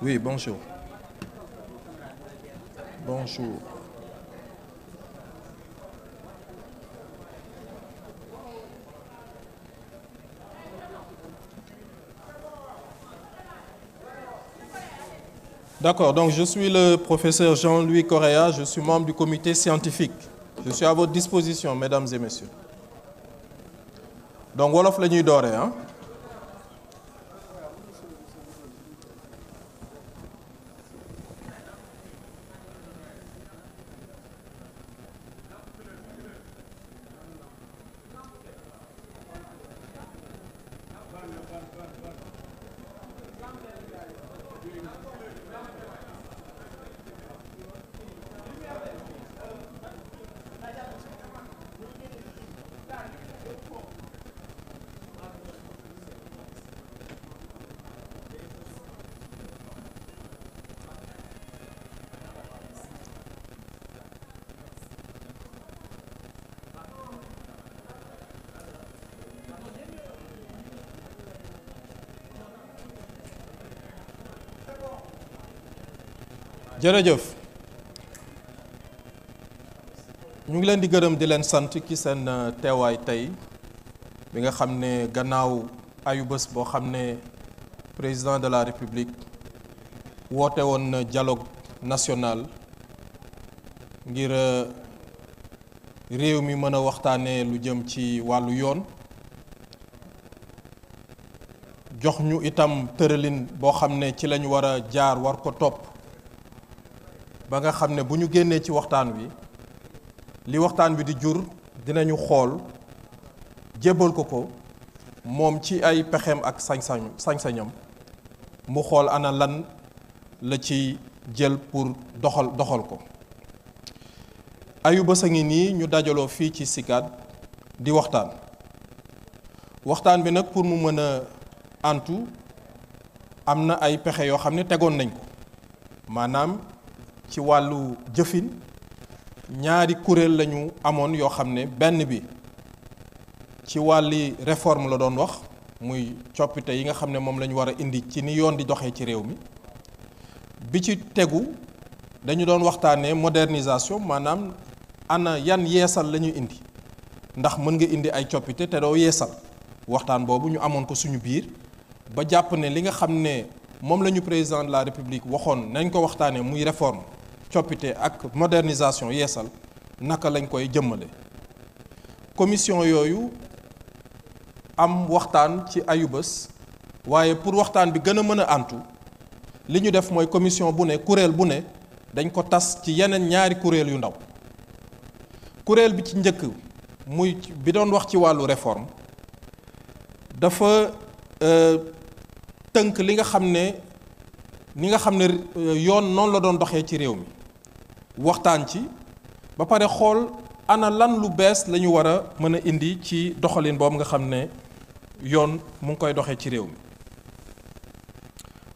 Oui, bonjour. Bonjour. D'accord, donc je suis le professeur Jean-Louis Correa, je suis membre du comité scientifique. Je suis à votre disposition, mesdames et messieurs. Donc Wolof la ñuy dooree ah jërëjëf ñu ngi leen di gërëm di leen sant ki seen euh, teewaay tey bi nga xam ne gannaaw ayubës boo xam ne président de la république woote woon na dialogue national ngir euh, réew mi mën a waxtaanee lu jëm ci wàllu yoon jox ñu itam tëralin boo xam ne ci lañu war a jaar war ko topp ba nga xam ne bu ñu génnee ci waxtaan wi li waxtaan wi di jur dinañu xool jébbal ko ko moom ci ay pexeem ak sañ-sañu mu xool ana lan la ci jël pour doxal doxal ko ayu bés a ngi nii ñu dajaloo fii ci SICAD di waxtaan waxtaan bi nag pour mu mën a antu am na ay pexe yoo xam ne tegoon nañ ko maanaam ci wàllu jëfin ñaari kuréel lañu amoon yoo xam ne benn bi ci wàlli réforme la doon wax muy coppite yi nga xam ne moom lañu ñu war a indi ci ni yoon di doxee ci réew mi bi ci tegu dañu doon waxtaanee modernisation maanaam ana yan yeesal la ñuy indi ndax mën nga indi ay coppite te doo yeesal waxtaan boobu ñu amoon ko suñu biir ba jàpp ne li nga xam ne moom la ñu président de la république waxoon nañ ko waxtaanee muy réforme coppite ak modernisation yeesal naka lañ koy jëmmale commission yooyu am waxtaan ci ayubés waaye pour waxtaan bi gën a mën a antu li ñu def mooy commission bu ne kuréel bu ne dañ ko tas ci yeneen ñaari kuréel yu ndaw kuréel bi ci njëkk muy bi doon wax ci wàllu réforme dafa euh, tënk li nga xam ne ni nga xam ne euh, yoon noonu la doon doxee ci réew mi waxtaan ci ba pare xool ana lan lu bees lañu ñu war a mën a indi ci doxalin boobu nga xam ne yoon mu ngi koy doxee ci réew mi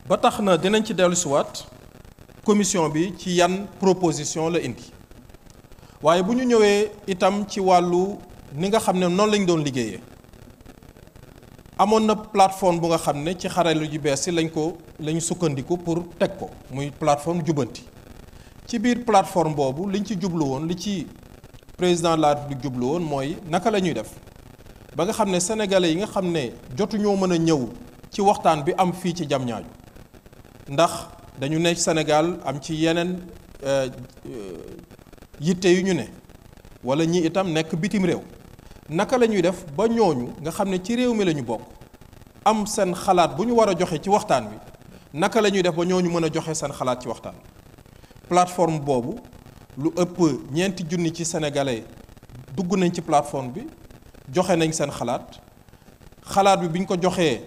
ba tax na dinañ ci dellusiwaat commission bi ci yan proposition la indi waaye bu ñu ñëwee itam ci wàllu ni nga xam ne noonu lañ doon liggéeyee amoon na plateforme bu nga xam ne ci xarala ji bees yi lañ ko lañu sukkandiku pour teg ko muy plateforme jubbanti ci biir plateforme boobu liñ ci jublu woon li ci président laat la jublu woon mooy naka la ñuy def ba nga xam ne sénégalais yi nga xam ne jotuñoo mën a ñëw ci waxtaan bi am fii ci Diamniadio ndax dañu ne senegal am ci yeneen euh, euh, yitte yu ñu ne wala ñii itam nekk bitim réew naka la ñuy def ba ñooñu nga xam ne ci réew mi la ñu bokk am seen xalaat bu ñu war a joxee ci waxtaan wi naka la ñuy def ba ñooñu mën a joxe seen xalaat ci waxtaan plateforme boobu lu ëpp ñeenti junni ci sénégalais dugg nañ ci plateforme bi joxe nañ seen xalaat xalaat bi bi ñu ko joxee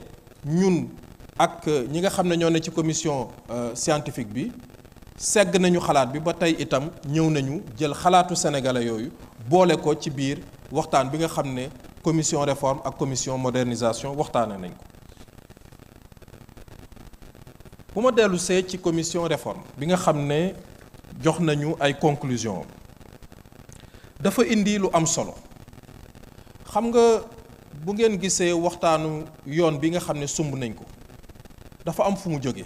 ñun ak ñi nga xam ne ñoo ne ci commission euh, scientifique bi segg nañu xalaat bi ba tey itam ñëw nañu jël xalaatu sénégalais yooyu boole ko ci biir waxtaan bi nga xam ne commission réforme ak commission modernisation waxtaane nañ ko bu ma dellu see ci commission réforme bi nga xam ne jox nañu ay conclusion dafa indi lu am solo xam nga bu ngeen gisee waxtaanu yoon bi nga xam ne sumb nañ ko dafa am fu mu jóge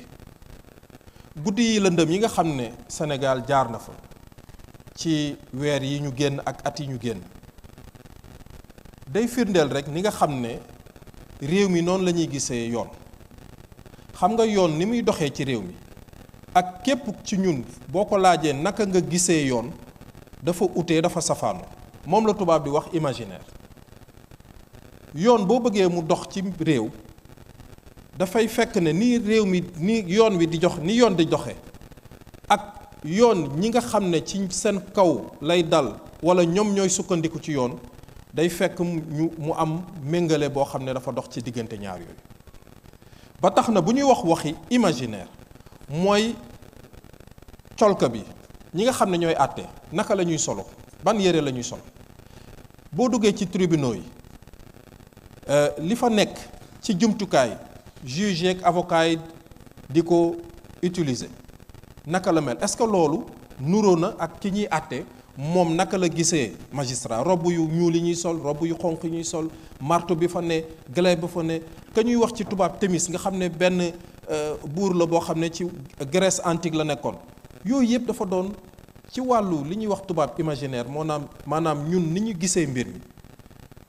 guddi yi lëndëm yi nga xam ne Sénégal jaar na fa ci weer yi ñu génn ak at yi ñu génn day firndeel rek ni nga xam ne réew mi noonu la ñuy gisee yoon xam nga yoon ni muy doxee ci réew mi ak képp ci ñun boo ko laajee naka nga gisee yoon dafa utee dafa safaanu moom la tubaab di wax imaginaire yoon boo bëggee mu dox ci réew dafay fekk ne ni réew mi ni yoon wi di jox ni yoon di joxe ak yoon ñi nga xam ne ci seen kaw lay dal wala ñoom ñooy sukkandiku ci yoon day fekk ñu mu am méngale boo xam ne dafa dox ci diggante ñaar yooyu ba tax na bu ñuy wax waxi imaginaire mooy colka bi ñi nga xam ne ñooy àtte naka la ñuy solo ban yëre la ñuy solo boo duggee ci tribunaux yi euh, li fa nekk ci jumtukaay juge ak yi di ko utiliser naka la mel est-ce que loolu nuroo na ak ki ñuy àtte moom naka la gisee magistrat robb yu ñuul yi ñuy sol robb yu xonq yi ñuy sol marto bi fa ne galay ba fa ne ka ñuy wax ci tubaab Thémis nga xam ne benn euh, buur la boo xam ne ci Grèce antique la nekkoon yooyu yëpp dafa doon ci wàllu li ñuy wax tubaab imaginaire moo naam maanaam ñun ni ñu gisee mbir mi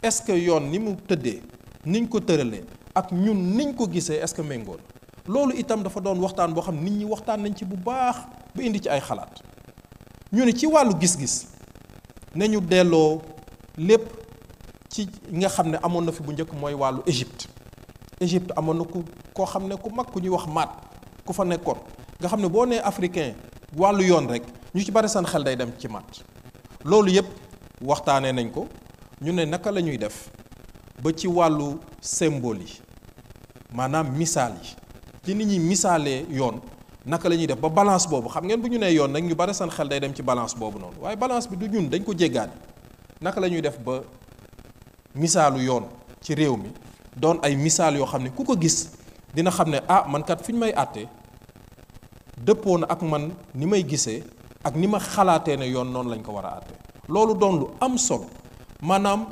est-ce que yoon ni mu tëddee niñ ko tëralee ak ñun niñ ko gisee est-ce que méngoo loolu itam dafa doon waxtaan boo xam nit ñi waxtaan nañ ci bu baax ba indi ci ay xalaat ñu ne ci wàllu gis-gis nañu delloo lépp ci nga xam ne amoon na fi bu njëkk mooy wàllu Égypte Égypte amoon na ku koo xam ne ku mag ku ñuy wax maat ku fa nekkoon nga xam ne boo nee africain wàllu yoon rek ñu ci bari seen xel day dem ci maat loolu yëpp waxtaanee nañ ko ñu ne naka la ñuy def ba ci wàllu symbole yi maanaam misaal yi ci nit ñi yoon naka la ñuy def ba balance boobu xam ngeen bu ñu nee yoon nag ñu bari seen xel day dem ci balance boobu noonu waaye balance bi du ñun dañ ko jéggaani naka la def ba misaalu yoon ci réew mi doon ay misaal yoo xam ne ku ko gis dina xam ne ah man kat fi ñu may àttee dëppoon na ak man ni may gisee ak ni ma xalaatee ne yoon noonu lañ ko war a àttee loolu doon lu am sol maanaam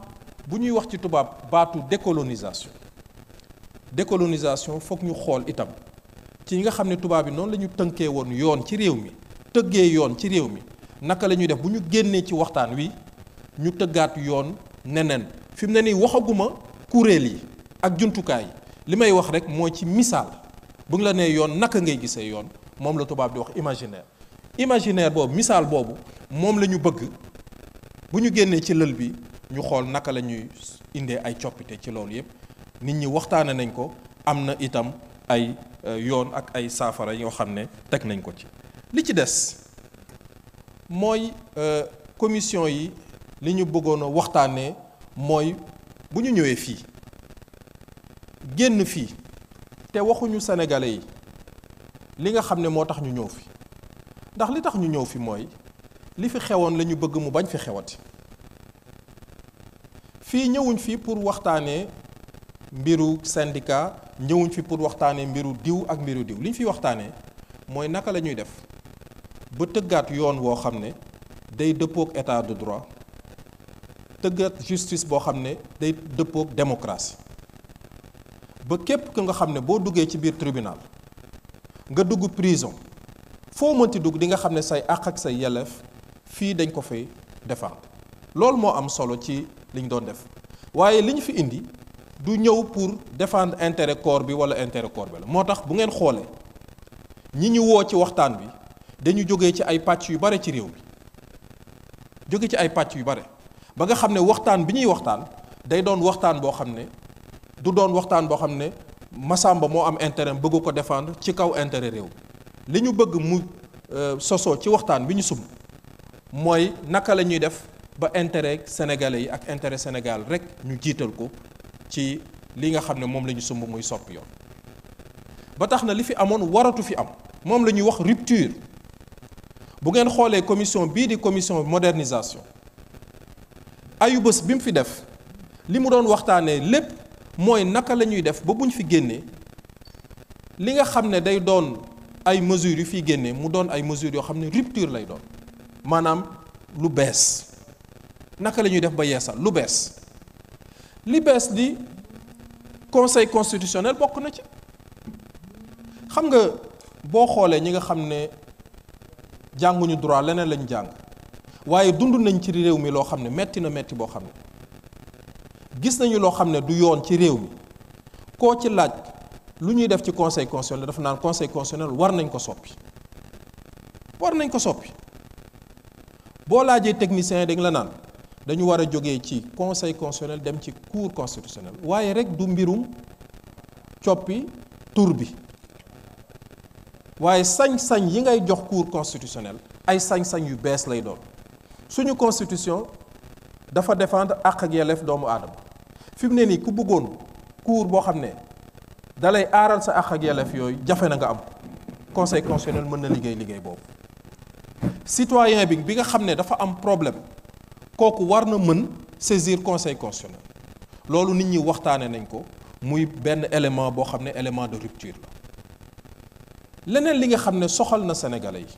bu ñuy wax ci tubaab baatu décolonisation décolonisation foog ñu xool itam ci nga xam ne tubaab yi noonu lañu tënkee woon yoon ci réew mi tëggee yoon ci réew mi naka lañuy def bu ñu génnee ci waxtaan wi ñu tëggaat yoon neneen fi ne nii waxaguma kuréel yi ak jumtukaay li may wax rek moo ci misaal bu nga la nee yoon naka ngay gisee yoon moom la tubaab di wax imaginaire imaginaire boobu misaal boobu moom la ñu bëgg bu ñu génnee ci lël bi ñu xool naka la ñuy indee ay coppite ci loolu yépp nit ñi waxtaane nañ ko am na itam ay euh, yoon ak ay saafara yoo xam ne teg nañ ko ci li ci des mooy euh, commission yi li ñu bëggoon a waxtaanee. mooy bu ñu ñëwee fii génn fii te waxuñu sénégalais yi li nga xam ne moo tax ñu ñëw fi ndax li tax ñu ñëw fi mooy li fi xewoon lañu bëgg mu bañ fi xewati fii ñëwuñ fi pour waxtaanee mbiru syndicat ñëwuñ fi pour waxtaanee mbiru diw ak mbiru diw li fi waxtaanee mooy naka la ñuy def ba tëggaat yoon woo xam ne day dëppook état de droit tëggat justice boo xam ne day dëppook démocratie ba képp ku nga xam ne boo duggee ci biir tribunal nga dugg prison foo mënti dugg di nga xam ne say àq ak say yelleef fii dañ ko fay défendre loolu moo am solo ci liñ doon def waaye li fi indi du ñëw pour défendre intérêt corps bi wala intérêt corps bi la moo tax bu ngeen xoolee ñi ñu woo ci waxtaan bi dañu jógee ci ay pàcc yu bare ci réew bi jóge ci ay pàcc yu bare ba nga xam ne waxtaan bi ñuy waxtaan day doon waxtaan boo xam ne du doon waxtaan boo xam ne Masamba moo am intérêt bëgg ko défendre ci kaw intérêt réew li ñu bëgg mu euh, sosoo ci waxtaan bi ñu sum mooy naka la ñuy def ba intere sénégalais yi ak intere Sénégal rek ñu jiital ko ci li nga xam ne moom la ñu sumb muy sopp yoon ba tax na li fi amoon waratu fi am moom la ñuy wax rupture bu ngeen xoolee commission bii di commission modernisation ayu bés bi mu fi def li mu doon waxtaanee lépp mooy naka la ñuy def ba bu fi génnee li nga xam ne day doon ay mesures yu fiy génnee mu doon ay mesures yoo xam ne rupture lay doon maanaam lu bees naka la ñuy def ba yeesal lu bees li bees di conseil constitutionnel bokk na ci xam nga boo xoolee ñi nga xam ne jànguñu droit leneen lañu jàng. waaye dund nañ ci réew mi loo xam ne metti na metti boo xam ne gis nañu loo xam ne du yoon ci réew mi koo ci laaj lu ñuy def ci conseil constitutionnel dafa naan conseil constitutionnel war nañ ko soppi war nañ ko soppi boo laajee technicien dañ la naan dañu war a jógee ci conseil constitutionnel dem ci cour constitutionnel waaye rek du mbirum coppi tur bi waaye sañ-sañ yi ngay jox cour constitutionnel ay sañ-sañ yu bees lay doon suñu constitution dafa défendre àq ak yelleef doomu aadama fi mu ne nii ku bëggoon cour boo xam ne dalay aaral sa àq ak yelleef yooyu jafe na nga am conseil constitutionnel mën na liggéey liggéey boobu sitoyen bi bi nga xam ne dafa am problème kooku war na mën saisir conseil constitutionnel loolu nit ñi waxtaane nañ ko muy benn élément boo xam ne élément de rupture la leneen li nga xam ne soxal na sénégalais yi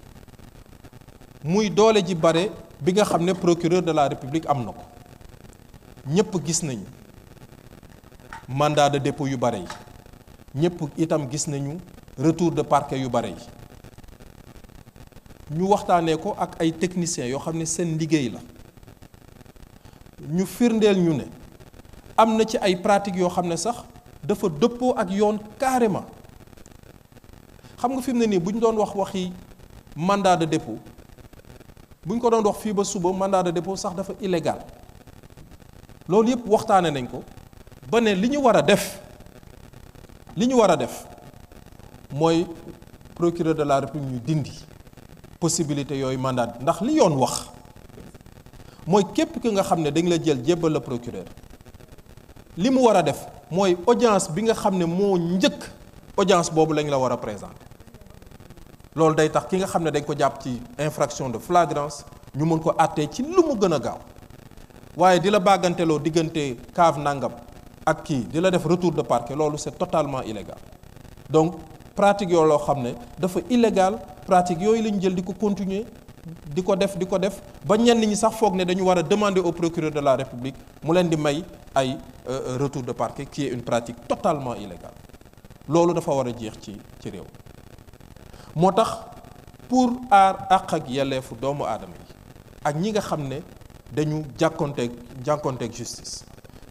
muy doole ji bare bi nga xam ne procureur de la république am na ko ñépp gis nañu mandat de dépôt yu bare yi ñépp itam gis nañu retour de parquet yu bare yi ñu waxtaanee ko ak ay techniciens yoo xam ne seen liggéey la ñu firndeel ñu ne am na ci ay pratiques yoo xam ne sax dafa dëppoo ak yoon carrément xam nga fi mu ne nii bu ñu doon wax waxi mandat de dépôt bu ñu ko doon wax fii ba suba mandat de dépôt sax dafa illégal loolu yëpp waxtaane nañ ko ba ne li ñu war a def li ñu war a def mooy procureur de la république ñu dindi possibilité yooyu mandat ndax li yoon wax mooy képp ki nga xam ne dañ la jël jébbal la procureur li mu war a def mooy audience bi nga xam ne moo njëkk audience boobu lañ la war a présenter loolu day tax ki nga xam ne dañ ko jàpp ci infraction de flagrance ñu mën ko àttee ci lu mu gën a gaaw waaye di la bàgganteloo diggante cave nangam ak kii di la def retour de parquet loolu c'est totalement illégal donc pratique yoo loo xam ne dafa illégal pratique yooyu la ñu jël di ko continuer di ko def di ko def ba ñenn ñi sax foog ne dañu war a demander au procureur de la république mu leen di may ay euh, euh, retour de parquet kii est une pratique totalement illégale loolu dafa war a jeex ci ci réew moo tax pour aar àq ak yelleefu doomu aadama yi ak ñi nga xam ne dañu jàkkonteeg jànkonteeg justice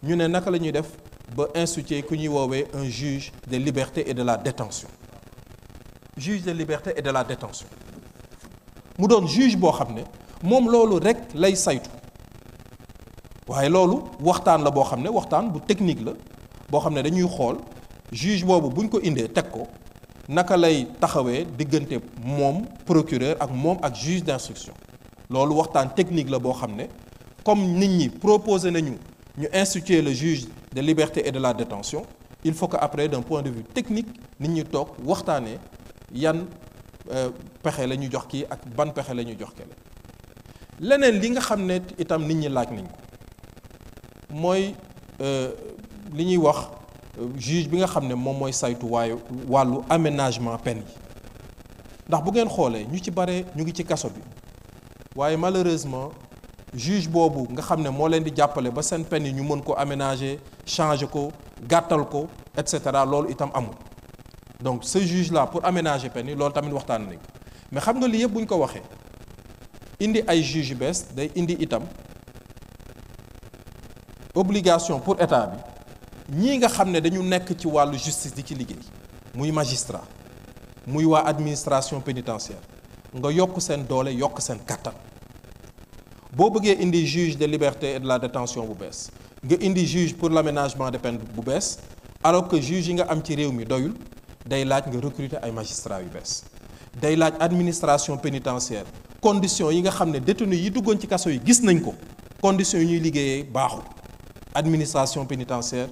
ñu ne naka la ñuy def ba instituer ku ñuy woowee un juge de liberté et de la détention juge de liberté et de la détention mu doon juge boo xam ne moom loolu rekk lay saytu waaye loolu waxtaan la boo xam ne waxtaan bu technique la boo xam ne dañuy xool juge boobu buñ ko indee teg ko naka lay taxawee diggante moom procureur ak moom ak juge d'instruction loolu waxtaan technique la boo xam ne comme nit ñi proposé nañu ñu instituer le juge de liberté et de la détention il faut que après d'un point de vue technique nit ñi toog waxtaanee yan euh, pexe la ñu jox kii ak ban pexe la ñu jox kele leneen li nga xam ne itam nit ñi laaj nañ ko mooy euh, li ñuy wax juge bi nga xam ne moom mooy saytu waaye wàllu aménagement peine yi ndax bu ngeen xoolee ñu ci bare ñu ngi ci kaso bi waaye malheureusement juge boobu nga xam ne moo leen di jàppale ba seen peine yi ñu mën ko aménager changer ko gàttal ko et cetera loolu itam amul donc ce juge là pour aménager peine yi loolu tamit waxtaan nañ mais xam nga lii yëpp bu ñu ko waxee indi ay juge yu bees day indi itam obligation pour état bi. ñii nga xam ne dañu nekk ci wàllu justice di ci liggéey muy magistrat muy waa administration pénitentiaire nga yokk seen doole yokk seen kàttan boo bëggee indi juge de liberté et la detention bu bees nga indi juge pour l'aménagement des peines bu bees alors que juge yi nga am ci réew mi doyul day laaj nga recruter ay magistrats yu bees day laaj administration pénitentiaire conditions yi nga xam ne détenu yi duggoon ci kaso yi gis nañ ko conditions yi ñuy liggéeyee baaxul administration pénitentiaire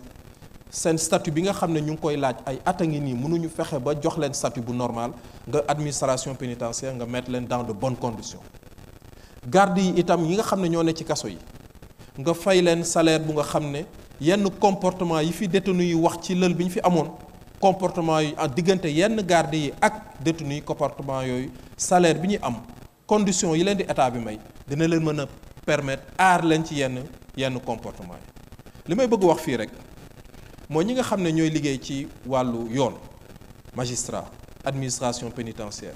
seen statut bi nga xam ne ñu ngi koy laaj ay at a ngi nii mënuñu fexe ba jox leen statut bu normal nga administration pénitentiaire nga mettre leen dans de bon conditions garde yi itam yi nga xam ne ñoo ne ci kaso yi nga fay leen salaire bu nga xam ne yenn comportement yi fi détenu yi wax ci lël bi ñu fi amoon comportement yi en diggante yenn garde yi ak détenu yi comportement yooyu salaire bi ñuy am condition yi leen di état bi may dina leen mën a permettre aar leen ci yenn yenn comportement yi li may bëgg wax fii rek mooy ñi nga xam ne ñooy liggéey ci wàllu yoon magistrat administration pénitentiaire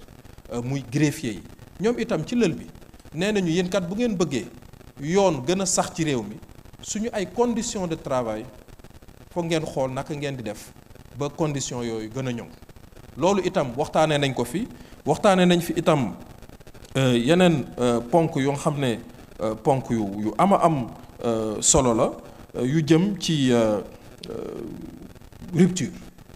euh, muy greffier yi ñoom itam ci lël bi nee nañu yéen bu ngeen bëggee yoon gën a sax ci réew mi suñu ay conditions de travail foog ngeen xool naka ngeen di def ba conditions yooyu gën a ñëw loolu itam waxtaanee nañ ko fi waxtaanee nañ fi itam euh, yeneen euh, ponk yoo xam ne ponk yu am ama am solo la yu jëm ci. Euh, rupture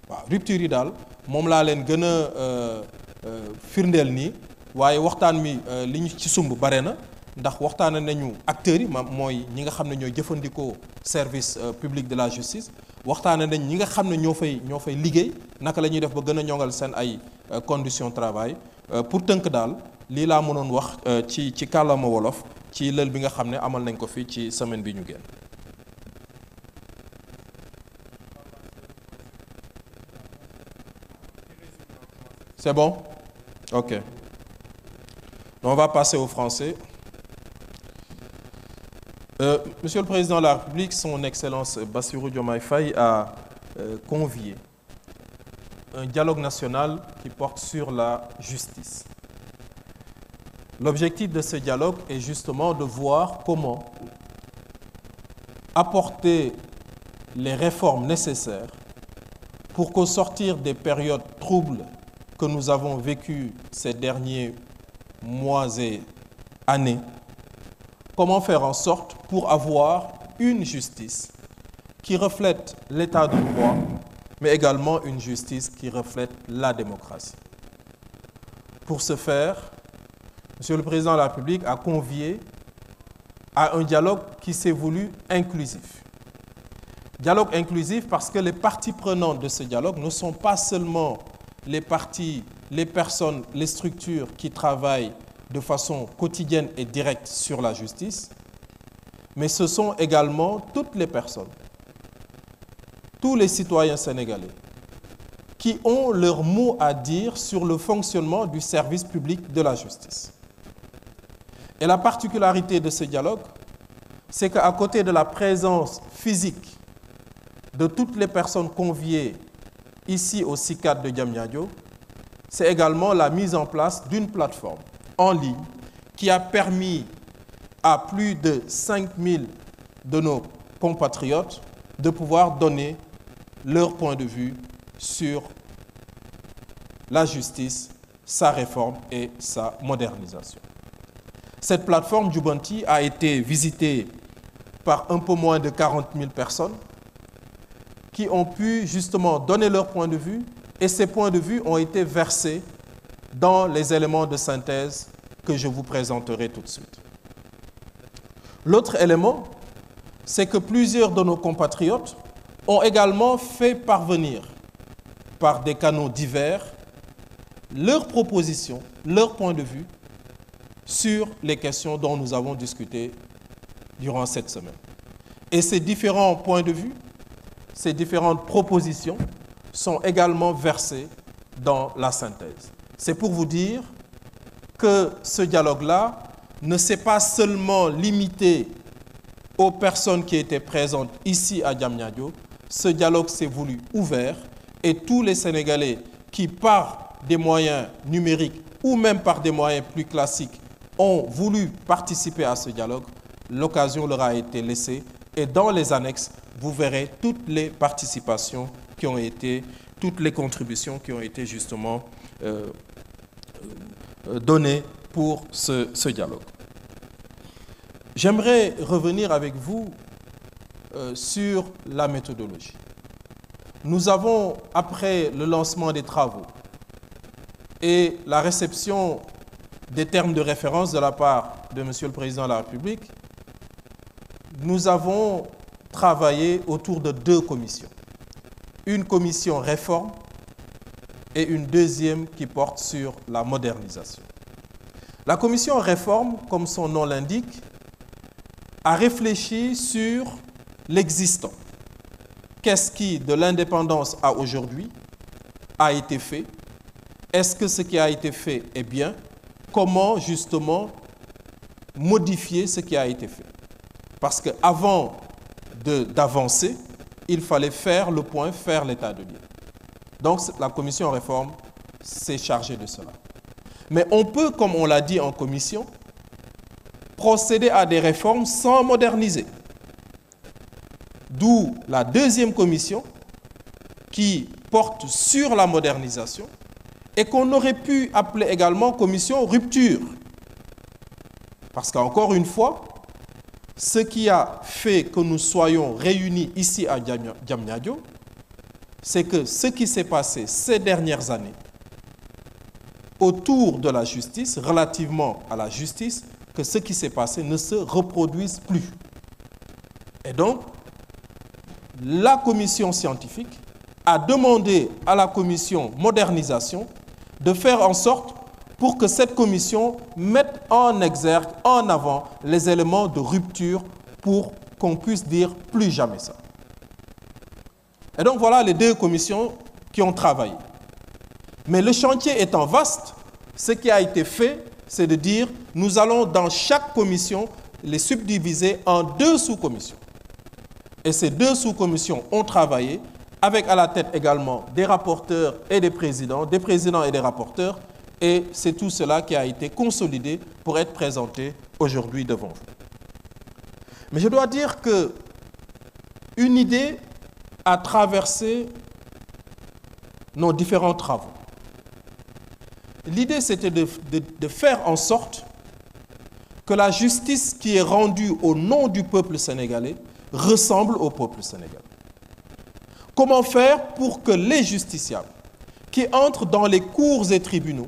waaw rupture yi daal moom laa leen gën a euh, euh, firndeel nii waaye waxtaan mi li ñu ci sumb bare na ndax waxtaana nañu acteurs yi ma mooy ñi nga xam ne ñooy jëfandikoo service public de la nañ ñi nga xam ne ñoo fay ñoo fay liggéey naka la ñuy def ba gën a ñoŋal seen ay conditions travail pour tënk daal lii laa mënoon wax ci ci kàllaama wolof ci lël bi nga xam ne amal nañ ko fii ci semaine bi ñu génn. C'est bon Ok. Donc on va passer au français. Euh, monsieur le Président de la République, son Excellence Bassirou Diomaye Faye a euh, convié un dialogue national qui porte sur la justice. L'objectif de ce dialogue est justement de voir comment apporter les réformes nécessaires pour qu'au sortir des périodes troubles que nous avons vécu ces derniers mois et années, comment faire en sorte pour avoir une justice qui reflète l'état de droit, mais également une justice qui reflète la démocratie. Pour ce faire, Monsieur le Président de la République a convié à un dialogue qui s'est voulu inclusif. Dialogue inclusif parce que les parties prenantes de ce dialogue ne sont pas seulement les partis, les personnes, les structures qui travaillent de façon quotidienne et directe sur la justice, mais ce sont également toutes les personnes, tous les citoyens sénégalais, qui ont leur mot à dire sur le fonctionnement du service public de la justice. Et la particularité de ce dialogue, c'est qu'à côté de la présence physique de toutes les personnes conviées ici au CICAD de Diamniadio, c'est également la mise en place d'une plateforme en ligne qui a permis à plus de 5000 de nos compatriotes de pouvoir donner leur point de vue sur la justice, sa réforme et sa modernisation. Cette plateforme Jubanti a été visitée par un peu moins de 40 000 personnes qui ont pu justement donner leur point de vue et ces points de vue ont été versés dans les éléments de synthèse que je vous présenterai tout de suite. L'autre élément, c'est que plusieurs de nos compatriotes ont également fait parvenir, par des canaux divers, leurs propositions, leur point de vue sur les questions dont nous avons discuté durant cette semaine. Et ces différents points de vue ces différentes propositions sont également versées dans la synthèse. C'est pour vous dire que ce dialogue-là ne s'est pas seulement limité aux personnes qui étaient présentes ici à Diamniadio. Ce dialogue s'est voulu ouvert et tous les Sénégalais qui, par des moyens numériques ou même par des moyens plus classiques, ont voulu participer à ce dialogue, l'occasion leur a été laissée et dans les annexes, vous verrez toutes les participations qui ont été, toutes les contributions qui ont été justement euh, euh, données pour ce, ce dialogue. J'aimerais revenir avec vous euh, sur la méthodologie. Nous avons, après le lancement des travaux et la réception des termes de référence de la part de le Président de la République, nous avons travaillé autour de deux commissions. Une commission réforme et une deuxième qui porte sur la modernisation. La commission réforme, comme son nom l'indique, a réfléchi sur l'existant. Qu'est-ce qui, de l'indépendance à aujourd'hui, a été fait Est-ce que ce qui a été fait est bien Comment justement modifier ce qui a été fait Parce qu'avant d'avancer, il fallait faire le point, faire l'état de lieu. Donc la commission réforme s'est chargée de cela. Mais on peut, comme on l'a dit en commission, procéder à des réformes sans moderniser. D'où la deuxième commission qui porte sur la modernisation et qu'on aurait pu appeler également commission rupture. Parce qu'encore une fois, ce qui a fait que nous soyons réunis ici à Diamniadio, c'est que ce qui s'est passé ces dernières années autour de la justice, relativement à la justice, que ce qui s'est passé ne se reproduise plus. Et donc, la commission scientifique a demandé à la commission modernisation de faire en sorte pour que cette commission mette en exergue, en avant, les éléments de rupture pour qu'on puisse dire plus jamais ça. Et donc voilà les deux commissions qui ont travaillé. Mais le chantier étant vaste, ce qui a été fait, c'est de dire, nous allons dans chaque commission les subdiviser en deux sous-commissions. Et ces deux sous-commissions ont travaillé, avec à la tête également des rapporteurs et des présidents, des présidents et des rapporteurs, Et c'est tout cela qui a été consolidé pour être présenté aujourd'hui devant vous. Mais je dois dire que une idée a traversé nos différents travaux. L'idée, c'était de, de, de, faire en sorte que la justice qui est rendue au nom du peuple sénégalais ressemble au peuple sénégalais. Comment faire pour que les justiciables qui entrent dans les cours et tribunaux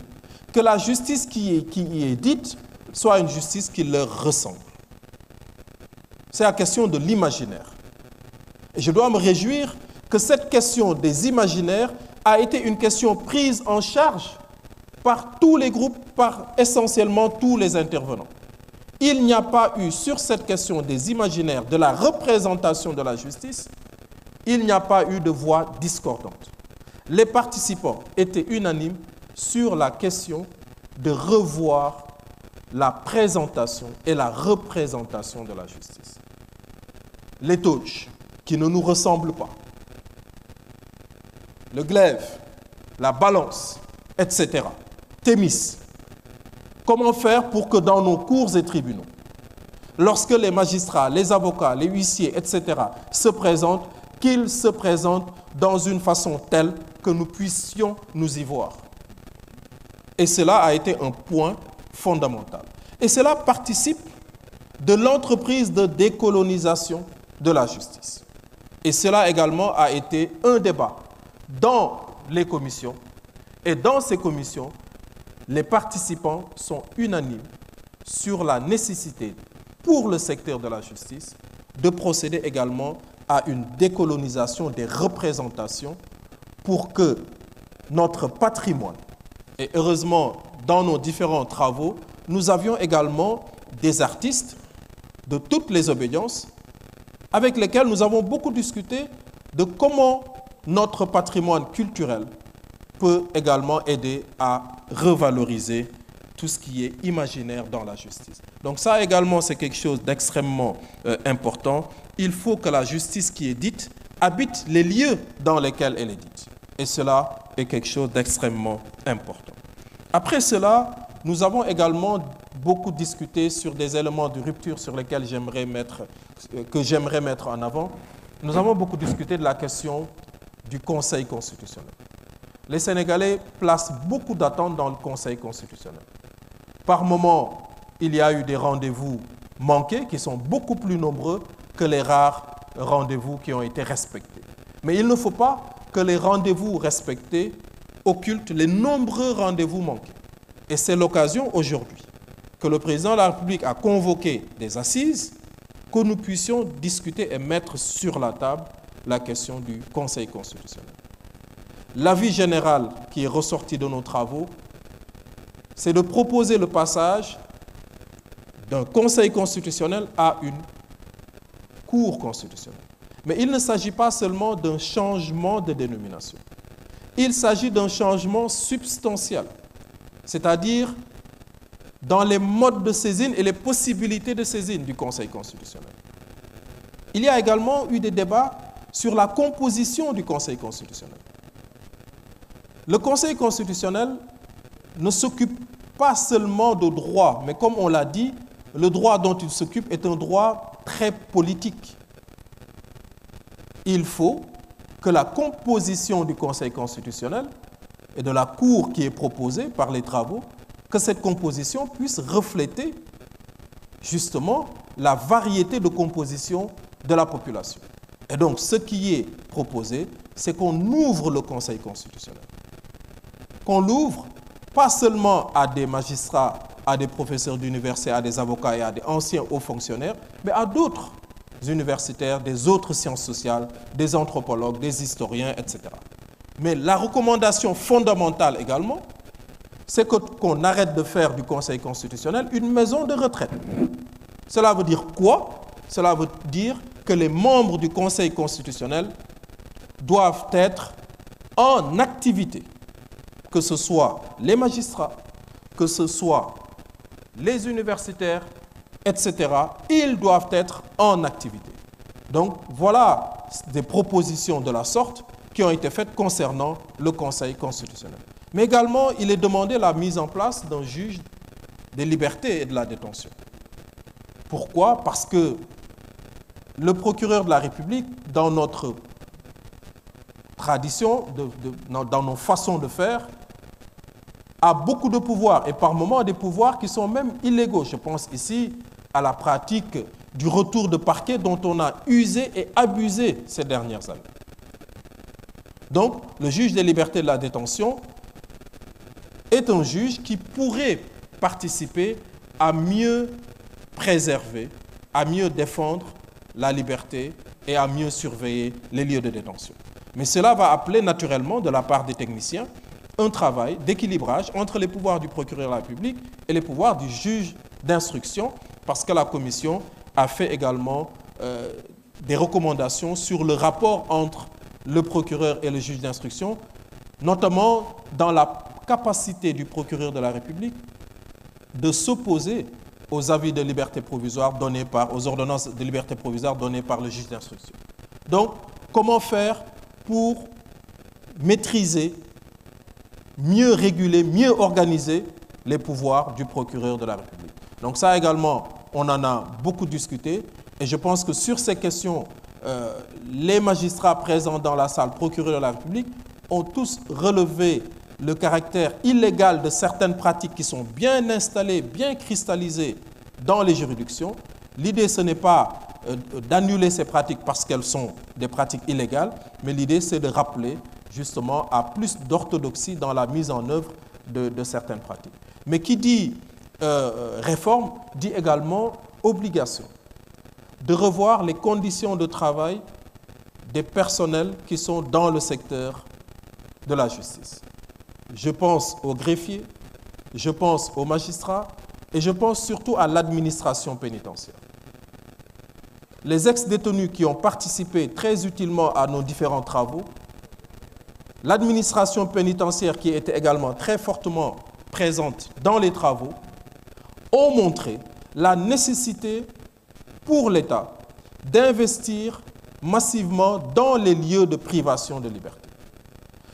que la justice qui, est, qui y est dite soit une justice qui leur ressemble. C'est la question de l'imaginaire. Et je dois me réjouir que cette question des imaginaires a été une question prise en charge par tous les groupes, par essentiellement tous les intervenants. Il n'y a pas eu sur cette question des imaginaires, de la représentation de la justice, il n'y a pas eu de voix discordante. Les participants étaient unanimes sur la question de revoir la présentation et la représentation de la justice. Les touches qui ne nous ressemblent pas, le glaive, la balance, etc. Thémis. Comment faire pour que dans nos cours et tribunaux, lorsque les magistrats, les avocats, les huissiers, etc., se présentent, qu'ils se présentent dans une façon telle que nous puissions nous y voir Et cela a été un point fondamental. Et cela participe de l'entreprise de décolonisation de la justice. Et cela également a été un débat dans les commissions. Et dans ces commissions, les participants sont unanimes sur la nécessité pour le secteur de la justice de procéder également à une décolonisation des représentations pour que notre patrimoine Et heureusement, dans nos différents travaux, nous avions également des artistes de toutes les obédiences avec lesquels nous avons beaucoup discuté de comment notre patrimoine culturel peut également aider à revaloriser tout ce qui est imaginaire dans la justice. Donc ça également, c'est quelque chose d'extrêmement euh, important. Il faut que la justice qui est dite habite les lieux dans lesquels elle est dite. Et cela est quelque chose d'extrêmement important. Après cela, nous avons également beaucoup discuté sur des éléments de rupture sur lesquels j'aimerais mettre, euh, que j'aimerais mettre en avant. Nous avons beaucoup discuté de la question du Conseil constitutionnel. Les Sénégalais placent beaucoup d'attentes dans le Conseil constitutionnel. Par moments, il y a eu des rendez-vous manqués qui sont beaucoup plus nombreux que les rares rendez-vous qui ont été respectés. Mais il ne faut que les rendez-vous respectés occultent les nombreux rendez-vous manqués. Et c'est l'occasion aujourd'hui que le président de la République a convoqué des assises, que nous puissions discuter et mettre sur la table la question du Conseil constitutionnel. L'avis général qui est ressorti de nos travaux, c'est de proposer le passage d'un Conseil constitutionnel à une Cour constitutionnelle. Mais il ne s'agit pas seulement d'un changement de dénomination. Il s'agit d'un changement substantiel, c'est-à-dire dans les modes de saisine et les possibilités de saisine du Conseil constitutionnel. Il y a également eu des débats sur la composition du Conseil constitutionnel. Le Conseil constitutionnel ne s'occupe pas seulement de droit, mais comme on l'a dit, le droit dont il s'occupe est un droit très politique. il faut que la composition du Conseil constitutionnel et de la Cour qui est proposée par les travaux, que cette composition puisse refléter justement la variété de composition de la population. Et donc ce qui est proposé, c'est qu'on ouvre le Conseil constitutionnel. Qu'on l'ouvre pas seulement à des magistrats, à des professeurs d'université, à des avocats et à des anciens hauts fonctionnaires, mais à d'autres universitaires, des autres sciences sociales, des anthropologues, des historiens, etc. Mais la recommandation fondamentale également, c'est qu'on qu arrête de faire du Conseil constitutionnel une maison de retraite. Cela veut dire quoi Cela veut dire que les membres du Conseil constitutionnel doivent être en activité, que ce soit les magistrats, que ce soit les universitaires, etc., ils doivent être en activité. Donc voilà des propositions de la sorte qui ont été faites concernant le Conseil constitutionnel. Mais également, il est demandé la mise en place d'un juge des libertés et de la détention. Pourquoi Parce que le procureur de la République, dans notre tradition, de, de, nos façons de faire, a beaucoup de pouvoirs et par moments des pouvoirs qui sont même illégaux. Je pense ici à la pratique du retour de parquet dont on a usé et abusé ces dernières années. Donc, le juge des libertés de la détention est un juge qui pourrait participer à mieux préserver, à mieux défendre la liberté et à mieux surveiller les lieux de détention. Mais cela va appeler naturellement de la part des techniciens un travail d'équilibrage entre les pouvoirs du procureur de la République et les pouvoirs du juge d'instruction parce que la Commission a fait également euh, des recommandations sur le rapport entre le procureur et le juge d'instruction, notamment dans la capacité du procureur de la République de s'opposer aux avis de liberté provisoire donnés par, aux ordonnances de liberté provisoire données par le juge d'instruction. Donc, comment faire pour maîtriser, mieux réguler, mieux organiser les pouvoirs du procureur de la République. Donc ça également, on en a beaucoup discuté et je pense que sur ces questions, euh, les magistrats présents dans la salle, procureurs de la République, ont tous relevé le caractère illégal de certaines pratiques qui sont bien installées, bien cristallisées dans les juridictions. L'idée, ce n'est pas euh, d'annuler ces pratiques parce qu'elles sont des pratiques illégales, mais l'idée, c'est de rappeler justement à plus d'orthodoxie dans la mise en œuvre de, de certaines pratiques. Mais qui dit Euh, euh, réforme dit également obligation de revoir les conditions de travail des personnels qui sont dans le secteur de la justice. Je pense aux greffiers, je pense aux magistrats et je pense surtout à l'administration pénitentiaire. Les ex-détenus qui ont participé très utilement à nos différents travaux, l'administration pénitentiaire qui était également très fortement présente dans les travaux, ont montré la nécessité pour l'État d'investir massivement dans les lieux de privation de liberté.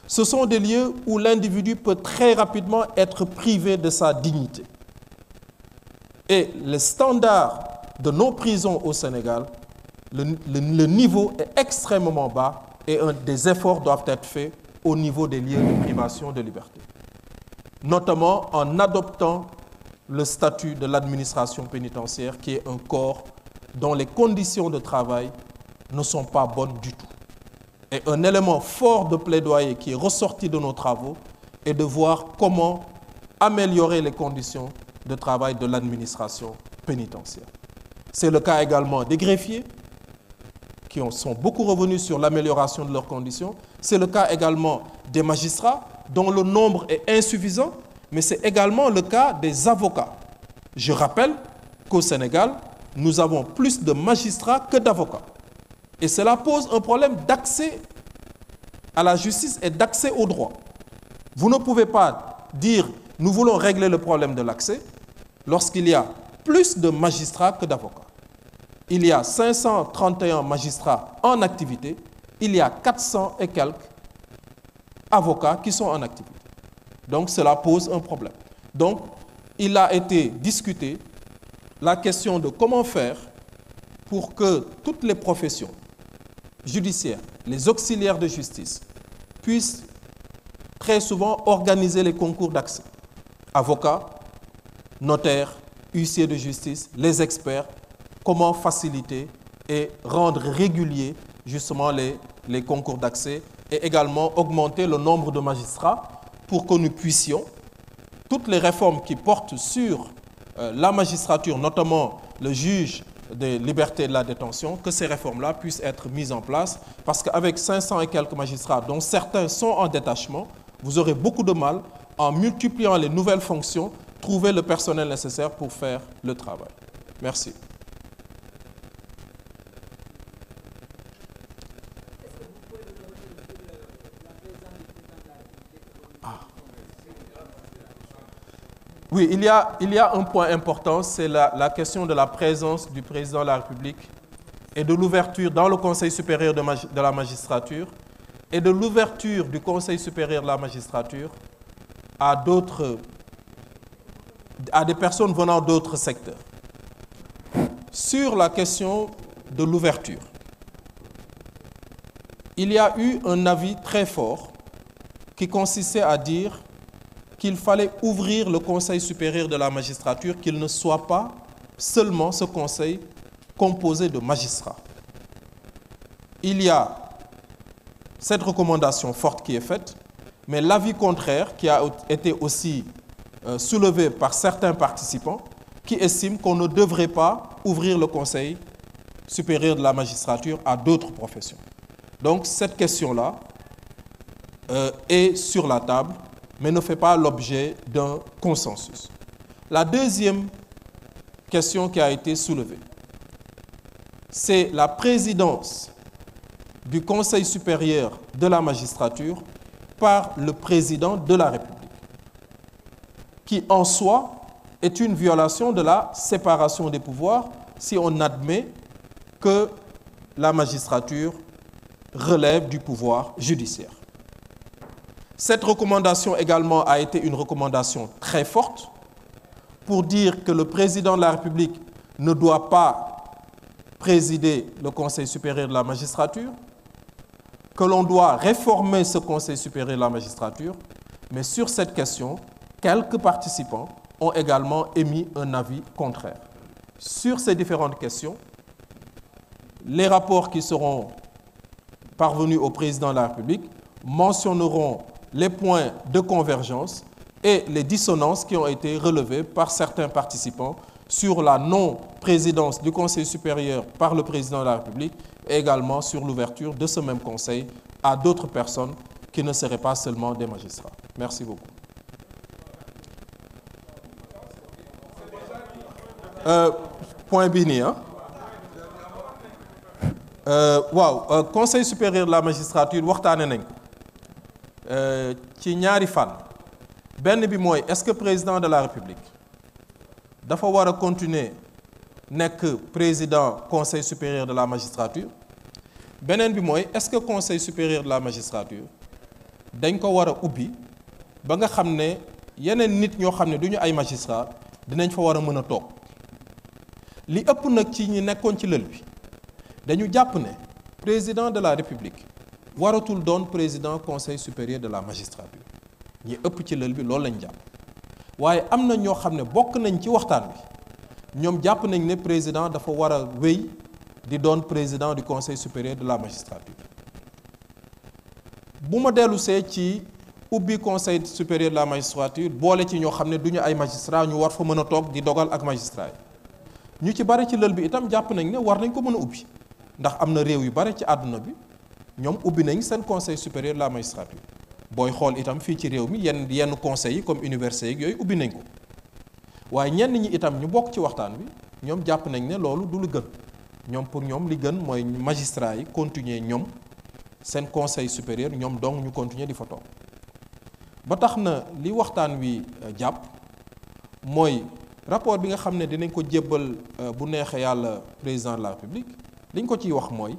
Ce sont des lieux où l'individu peut très rapidement être privé de sa dignité. Et le standards de nos prisons au Sénégal, le, le, niveau est extrêmement bas et un, des efforts doivent être faits au niveau des lieux de privation de liberté, notamment en adoptant le statut de l'administration pénitentiaire, qui est un corps dont les conditions de travail ne sont pas bonnes du tout. Et un élément fort de plaidoyer qui est ressorti de nos travaux est de voir comment améliorer les conditions de travail de l'administration pénitentiaire. C'est le cas également des greffiers, qui sont beaucoup revenus sur l'amélioration de leurs conditions. C'est le cas également des magistrats, dont le nombre est insuffisant mais c'est également le cas des avocats. Je rappelle qu'au Sénégal, nous avons plus de magistrats que d'avocats. Et cela pose un problème d'accès à la justice et d'accès au droit. Vous ne pouvez pas dire nous voulons régler le problème de l'accès lorsqu'il y a plus de magistrats que d'avocats. Il y a 531 magistrats en activité, il y a 400 et quelques avocats qui sont en activité. Donc cela pose un problème. Donc il a été discuté la question de comment faire pour que toutes les professions judiciaires, les auxiliaires de justice, puissent très souvent organiser les concours d'accès. Avocats, notaires, huissiers de justice, les experts, comment faciliter et rendre réguliers justement les, les concours d'accès et également augmenter le nombre de magistrats pour que nous puissions, toutes les réformes qui portent sur euh, la magistrature, notamment le juge des libertés de la détention, que ces réformes-là puissent être mises en place, parce qu'avec 500 et quelques magistrats, dont certains sont en détachement, vous aurez beaucoup de mal, en multipliant les nouvelles fonctions, trouver le personnel nécessaire pour faire le travail. Merci. Oui, il y a, un point important, c'est la, la question de la présence du président de la République et de l'ouverture dans le Conseil supérieur de, magi, de la magistrature et de l'ouverture du Conseil supérieur de la magistrature à d'autres à des personnes venant d'autres secteurs. Sur la question de l'ouverture, il y a eu un avis très fort qui consistait à dire qu'il fallait ouvrir le Conseil supérieur de la magistrature, qu'il ne soit pas seulement ce Conseil composé de magistrats. Il y a cette recommandation forte qui est faite, mais l'avis contraire qui a été aussi euh, soulevé par certains participants qui estiment qu'on ne devrait pas ouvrir le Conseil supérieur de la magistrature à d'autres professions. Donc cette question-là euh, est sur la table mais ne fait pas l'objet d'un consensus. La deuxième question qui a été soulevée, c'est la présidence du Conseil supérieur de la magistrature par le président de la République, qui en soi est une violation de la séparation des pouvoirs si on admet que la magistrature relève du pouvoir judiciaire. Cette recommandation également a été une recommandation très forte pour dire que le président de la République ne doit pas présider le Conseil supérieur de la magistrature, que l'on doit réformer ce Conseil supérieur de la magistrature, mais sur cette question, quelques participants ont également émis un avis contraire. Sur ces différentes questions, les rapports qui seront parvenus au président de la République mentionneront les points de convergence et les dissonances qui ont été relevées par certains participants sur la non-présidence du Conseil supérieur par le président de la République et également sur l'ouverture de ce même Conseil à d'autres personnes qui ne seraient pas seulement des magistrats. Merci beaucoup. Euh, point bi nii euh, waaw euh, Conseil supérieur de la magistrature waxtaane nañ Euh, ci ñaari fànn benn bi mooy est-ce que président de la république dafa war a continuer nekk président conseil supérieur de la magistrature beneen bi mooy est-ce que conseil supérieur de la magistrature dañ ko war a ubbi ba nga xam ne yeneen nit ñoo xam ne du ñu ay magistrat dinañ fa war a mën a toog li ëpp nag ci ñi nekkoon ci lël bi dañu jàpp ne président de la république waratul doon président conseil supérieur de la magistrature ñi ëpp ci lël bi loolu lañ jàpp waaye am na ñoo xam ne bokk nañ ci waxtaan bi ñoom jàpp nañ ne président dafa war a wéy di doon président du conseil supérieur de la magistrature bu ma dellu see ci ubbi conseil supérieur de la magistrature boole ci ñoo xam ne du ñu ay magistrat ñu war fa mën a toog di dogal ak magistrat yi ñu ci bari ci lël bi itam jàpp nañ ne war nañ ko mën a ubbi ndax am na réew yu bari ci àdduna bi ñoom ubbi nañ seen conseil supérieur la magistrature booy xool itam fii ci réew mi yenn yenn conseil yi comme université yi yooyu ubbi nañ ko waaye ñenn ñi itam ñu bokk ci waxtaan wi ñoom jàpp nañ ne loolu du lu gën ñoom pour ñoom li gën mooy magistrat yi continuer ñoom seen conseil supérieur ñoom dong ñu continuer di fa ba tax na li waxtaan wi euh, jàpp mooy rapport bi nga xam ne dinañ ko jébbal euh, bu neexee yàlla président de la république liñ ko ciy wax mooy.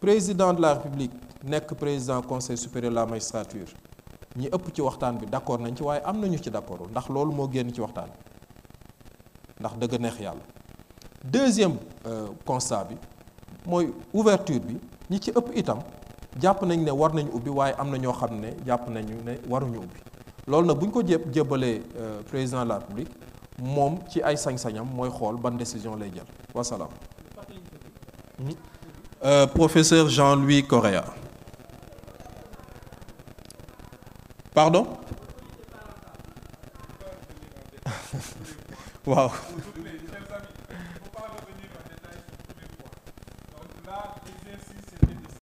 président de la république nekk président conseil supérieur de la magistrature ñi ëpp ci waxtaan bi d'accord nañ ci waaye am nañu ci d'accord ndax loolu moo génn ci waxtaan ndax dëgg neex yàlla deuxième euh, constat bi mooy ouverture bi ñi ci ëpp itam jàpp nañ ne war nañu ubbi waaye am na ñoo xam ne jàpp nañu ne waruñu ubbi loolu nag bu ñu ko jëb jébbalee euh, président de la république moom ci ay sañ-sañam mooy xool ban décision lay jël wasalaam. Hmm? euh, professeur Jean-Louis Correa.